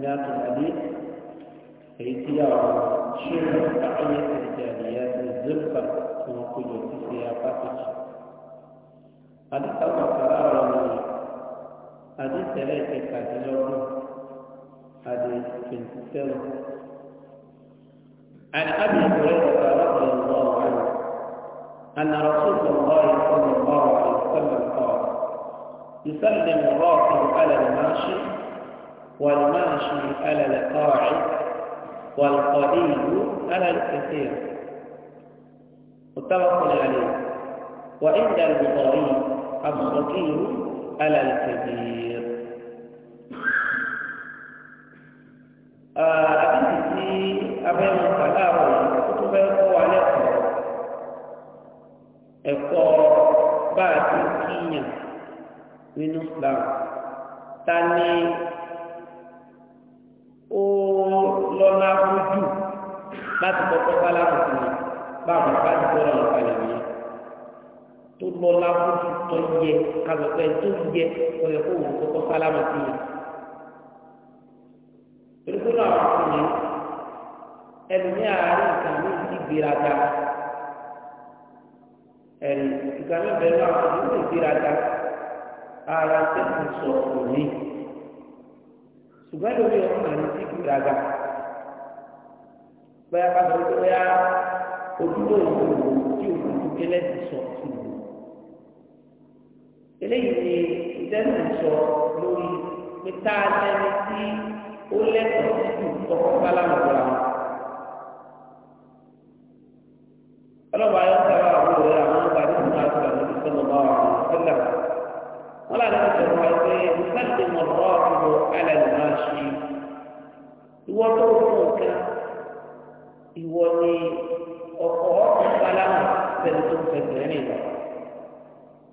ذات الحديث ايتيار شعر بقية الجاليات الزبقة موجودة في سياقات هذا طبعا قرار من هذه ثلاثة كاتلوج هذه كنتسل عن أبي هريرة رضي الله عنه أن رسول الله صلى الله عليه وسلم قال يسلم الراكب على الماشي والماشي على القاعد والقليل على الكثير متفق عليه وعند البخاري الصغير على الكبير أبنتي أبن الكلام كتب يقوى لكم ẹ̀kọ́ bá a ti kíyàn nínú láti kọ́kọ́ sálámù sí i báwọn bá ti tọ́lọ̀ ọ̀kalẹ̀ yẹn tó lọ lábùkù tó yẹ kàlọ́pẹ́ tó yẹ ọ̀yẹ́ kó wọ́n kọ́kọ́ sálámù sí i. Èdèkó náà wà fún mi ẹnu ní àárín ìtàn ní ìgbéraga ẹ̀rì ìtàn náà bẹ̀rẹ̀ náà fún mi ìgbéraga ara tẹ̀sán sọ̀rọ̀ mi ṣùgbọ́n lórí ọkùnrin ti ìgbéraga bóyá pàtó wípé bóyá ojúlé òwò tí òwò tó kélé ti sọ sí i eléyìí ni ìdẹ́nu sọ lórí pé tá a lẹ́ni tí ó lẹ́tọ̀ọ́ sí ìdúró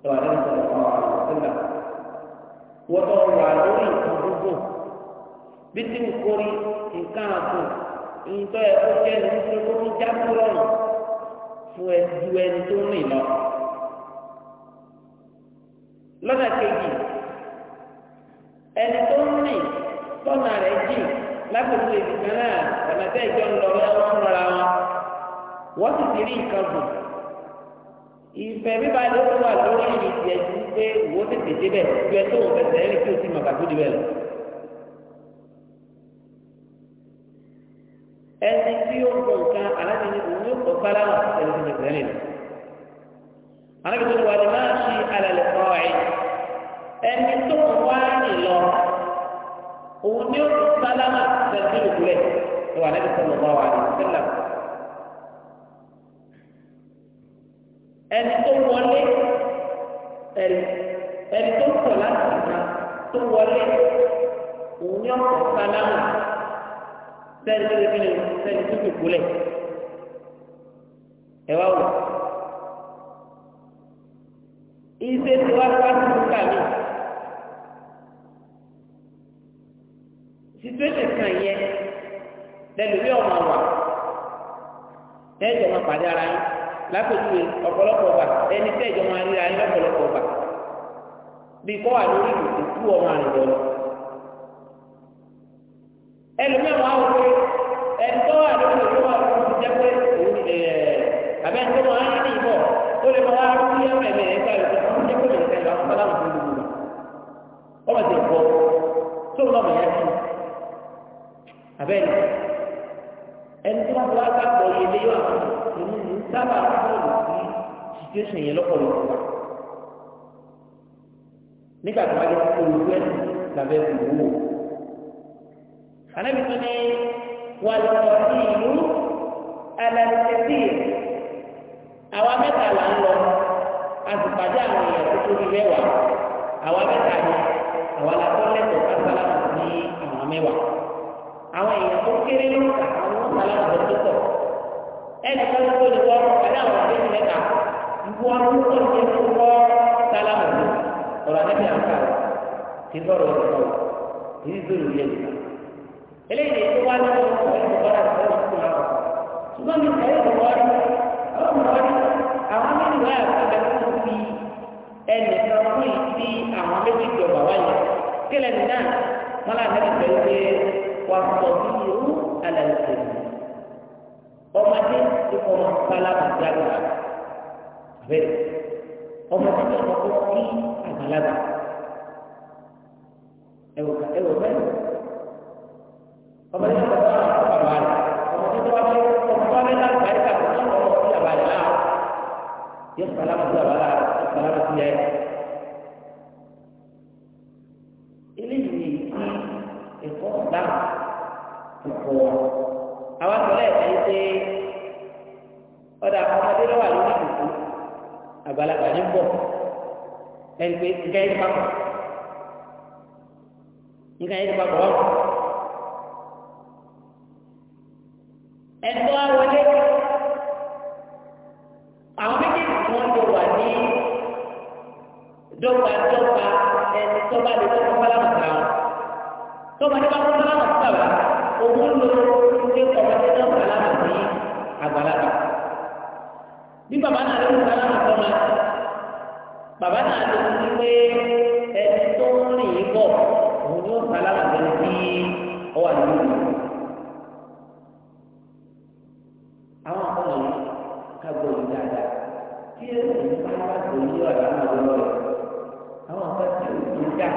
tó àlẹ́ ìṣẹ̀lẹ̀ fún àwọn àlùfẹ́lá wọ́n tó wà lórí nǹkan gbogbo itu tí ń kórí nǹkan àpò nǹkan ẹ̀kọ́ jẹ́ ní wípé kó tún já tó rọrùn fún ẹ ju ẹni tó rìn lọ. lọ́nà kejì ẹni tó rìn tọ́nà rẹ̀ jìn lágbègbè ìdìkan náà ọ̀nà tẹ́ ìjọ ìfẹ́ bíbá ló tó wà lórí ìdíyẹ ti pé wo tètè débẹ̀ ju ẹ tó wọ́n fẹsẹ̀ rìn tí o ti mọ̀ kàtó débẹ̀ lọ. ẹni tí ó gbọ́ nǹkan alábìíní òun yóò kọ́ sáláwà ẹni tí mo fẹ́ rìn lọ. alábìíní máa ṣe alẹ́ kọ́ ẹ̀ ẹni tó ń wá lọ òun yóò sáláwà ẹni tí mo fẹ́ rìn wà. ẹni tó wọlé ẹni ẹni tó pọ̀ láti ìgbà tó wọlé òun ní ọ̀pọ̀ sálámù sẹ́ni tó lè kíni sẹ́ni tó tó kulẹ̀ ẹ wá wò ìṣe tí wá wá sí ìgbà mi situation kan yẹ lẹ́nu bí ọmọ wà lẹ́yìn ìjọba pàdé ara yín lápẹ̀jùwe ọ̀pọ̀lọpọ̀ ọba ẹni tẹ́ ìjọba ríra ẹni lọ́pọ̀lọpọ̀ ọba bí kọ́ wà lórí ìdòtí kú ọmọ àrùn lọ. ẹlòmíràn wà wọ pé ẹni tó wà lórí ìdòtí wà lórí ìdòtí jẹ́ pé òun ẹ̀ abẹ́ni tó máa ń yá ní ìbọ̀ ó lè máa wá rí ẹ̀mẹ̀ ẹ̀ka ìjọba ó jẹ́ pé lè ẹni tí wọ́n ti wá gbàgbọ́ yìí lé yọ àwọn èmi ní sábà bọ́ọ̀lù sí situation yẹn lọ́pọ̀lọpọ̀ wa nígbà tó wá yẹ kó olùkọ́ ẹ̀sìn lábẹ́ ìwò. àlẹ́ mi tún ní wàlúùkọ́ sí ìlú gbogbo àwọn olùkọ́ ní ẹni kọ́ sálámù ní ọ̀rọ̀ àti ẹ̀mí àǹkà rẹ̀ kí sọ̀rọ̀ ọ̀rọ̀ sọ̀rọ̀ kì í sọ̀rọ̀ yẹn nìkan. eléyìí tó wá nínú ọ̀rọ̀ ìbùkọ́ náà sọ̀rọ̀ ìbùkọ́ náà ṣùgbọ́n mi kọ́ ìbùkọ́ rí àwọn ìbùkọ́ rí àwọn mẹ́rin wáyà sábẹ́ fún fi ẹnì kan fún ìdí àwọn méjì tó bà bẹ́ẹ̀ ọmọ tí wọ́n kọ́kọ́ kí àgbàlagbà. àgbàlagbà ní bọ̀ ẹni pé nǹkan ẹni papọ̀ nǹkan ẹni papọ̀ ọ̀rọ̀ ẹni tó wá wọlé àwọn méjèèjì tí wọ́n lè wà ní dọ́gba dọ́gba ẹni tó bá lè tó kọ́ bá làwọn kan tó bá lè bá kọ́ bá làwọn kan wà òun lò ó ní ọmọdé náà bá làwọn ní àgbàlagbà bí bàbá náà ló ń gba aláwọ̀ ọmọ bàbá náà ló ń wí pé ẹni tó ń rìn yín bọ̀ òun yóò gba aláwọ̀ ọmọ bí ọwọ́ àdúgbò àwọn akọ́nà yìí ká gbọ́ yìí dáadáa tí èsì bá wà lórí ọ̀rọ̀ àwọn ọ̀rọ̀ rẹ̀ àwọn akọ́nà tí ò ní dá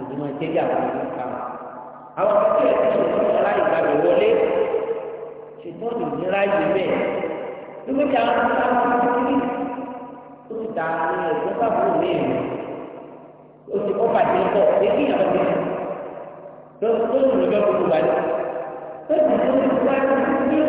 ìdùnnú ìtẹ́jà wà ní ìkàwé àwọn akọ́nà tí ò ní dá ìgbàlè wọlé ṣùgbọ́n ìnira yìí bẹ́ẹ̀ ìwé ìjà wọn ti ká wọn ti rí ó ti ta ní ẹgbẹ́ sábúrò ní ìlú ó ti kọ́ bàjẹ́ bọ̀ èyí ìyàwó ti rí lọ́sọ̀rọ̀ lọ́jọ́ gbogbo wa ní. ó sì ń lọ́sọ̀rọ̀ wá ní ìlú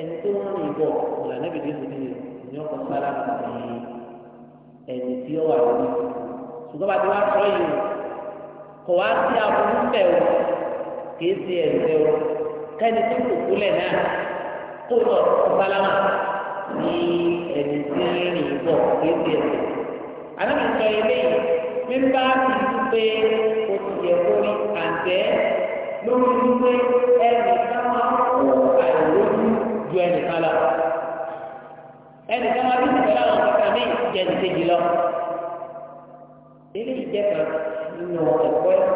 ẹni tí wọ́n rìn bọ̀ ọ̀là níbi tí ìsìn nìyẹn ní ọkọ̀ sára ní ẹni tí ó wà lórí ṣùgbọ́n bá ti wá sọ yìí kò wá sí aburú bẹ̀ o kìí ṣe ẹ̀sẹ̀ o kẹ́ni tó kù kúlẹ̀ náà kó lọ sálámà ní ẹni tí rìn bọ̀ kìí ṣe ẹ̀sẹ̀ àlọ́ sọ eléyìí mímbá ti dúpé o ti yẹ kó rí àǹtẹ́ lórí dúpé ẹnì kan máa ń kó àìlójú ju ẹnìkan lọ ẹnìkan máa tún tẹ̀lé àwọn kankan ní ìjẹ́ ìdíje lọ ilé ìjẹ́ kan nínú ẹ̀kọ́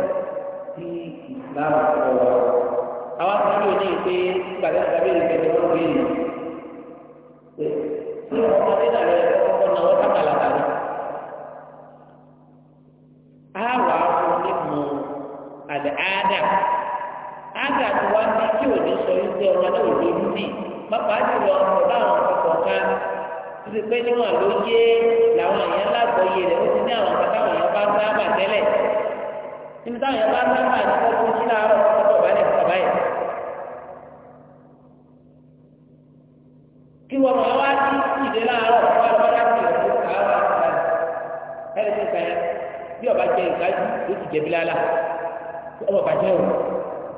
ti ìsìlámù ọ̀wọ́ àwọn akọ̀wé òní pé gbàgbé gbàgbé ìgbẹ́ ni wọ́n gbé yìí tí ọmọdé náà lọ ẹ̀kọ́ kọ́kọ́ náà wọ́n kàkàlà kàlà àwa onímọ̀ àdá àdá àdá tí wọ́n ti kí òní sọ yìí pé ọmọdé òní ní pápá jùlọ ọ̀dọ́ àwọn ọ̀pọ̀ kan títí pé níwọ̀n ló yé làwọn èèyàn lágbóyè rẹ̀ ó ti ní àwọn kàtà àwọn bá sábà tẹ́lẹ̀ níbi táwọn èèyàn bá sábà ní kókó sí láàárọ̀ kókó balẹ̀ kàbá yẹn. kí wọ́n mọ̀ wá sí ìdè láàárọ̀ wọ́n á lọ́dá sí ìrọ̀lẹ́ kàárọ̀ àkàrà ẹ̀rọ ti kàn yẹn bí ọba jẹ ìkájú ló ti jẹ̀bi lálá ọba bàjẹ́ o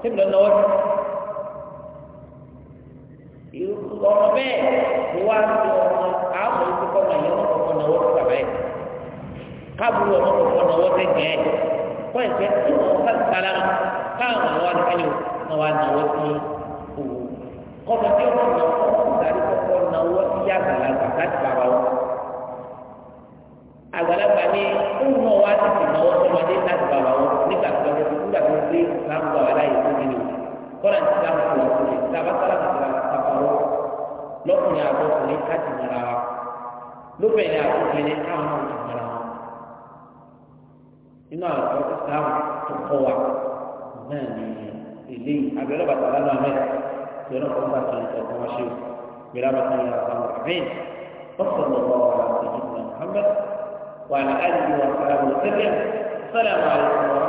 ṣé mi lọ lọ́rọ̀ bẹ́ẹ̀ ni wá sí ọmọ àwọn ìkókọ́ máa yẹ ọmọ kọ̀ọ̀kan náà wọ́n bàbá yẹn káàbùrù ọmọ kọ̀ọ̀kan náà wọ́n tẹ̀gẹ̀ ẹ̀ kọ́ ẹ̀fẹ́ tí wọ́n bá sara káàmù àwọn àdìkẹ́lẹ̀ náà wà náà wọ́n ti òwò kọ́mọ tí ọmọ náà wọ́n kọ́ nínú àwọn ọ̀rọ̀ islam tó kọ́ wa náà ní ilé abẹ́rẹ́ bàtà lánàá mẹ́ta tí wọ́n kọ́ bá tó ń tọ́ kọ́ wá ṣe gbéra bá tó ń yàrá àwọn ọ̀rẹ́yìn wọ́n lọ́wọ́ wa ṣèjì muhammed wà ní àdìgbò wa sàlámù sẹ́lẹ̀m sàlámù àlùkò wa